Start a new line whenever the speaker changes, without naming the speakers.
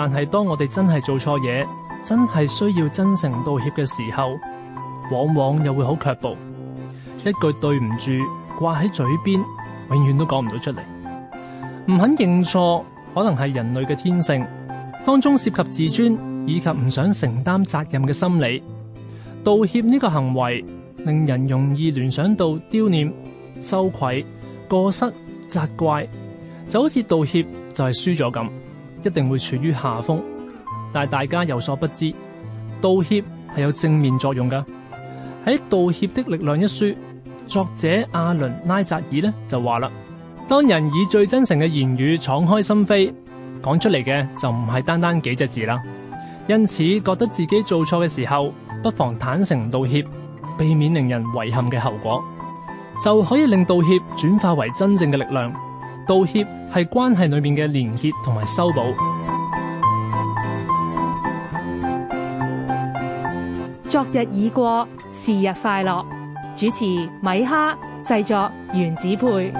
但係，當我哋真係做錯嘢，真係需要真誠道歉嘅時候，往往又會好卻步，一句對唔住掛喺嘴邊，永遠都講唔到出嚟，唔肯認錯，可能係人類嘅天性，當中涉及自尊以及唔想承擔責任嘅心理。道歉呢個行為，令人容易聯想到丟臉、羞愧、過失、責怪，就好似道歉就係輸咗咁。一定會處於下風，但大家有所不知，道歉係有正面作用噶喺《道歉的力量》一書，作者阿倫拉紮爾呢就話啦：當人以最真誠嘅言語敞開心扉，講出嚟嘅就唔係單單幾隻字啦。因此，覺得自己做錯嘅時候，不妨坦誠道歉，避免令人遺憾嘅後果，就可以令道歉轉化為真正嘅力量。道歉係關係裏面嘅連結同埋修補。昨日已過，是日快樂。主持米哈，製作原子配。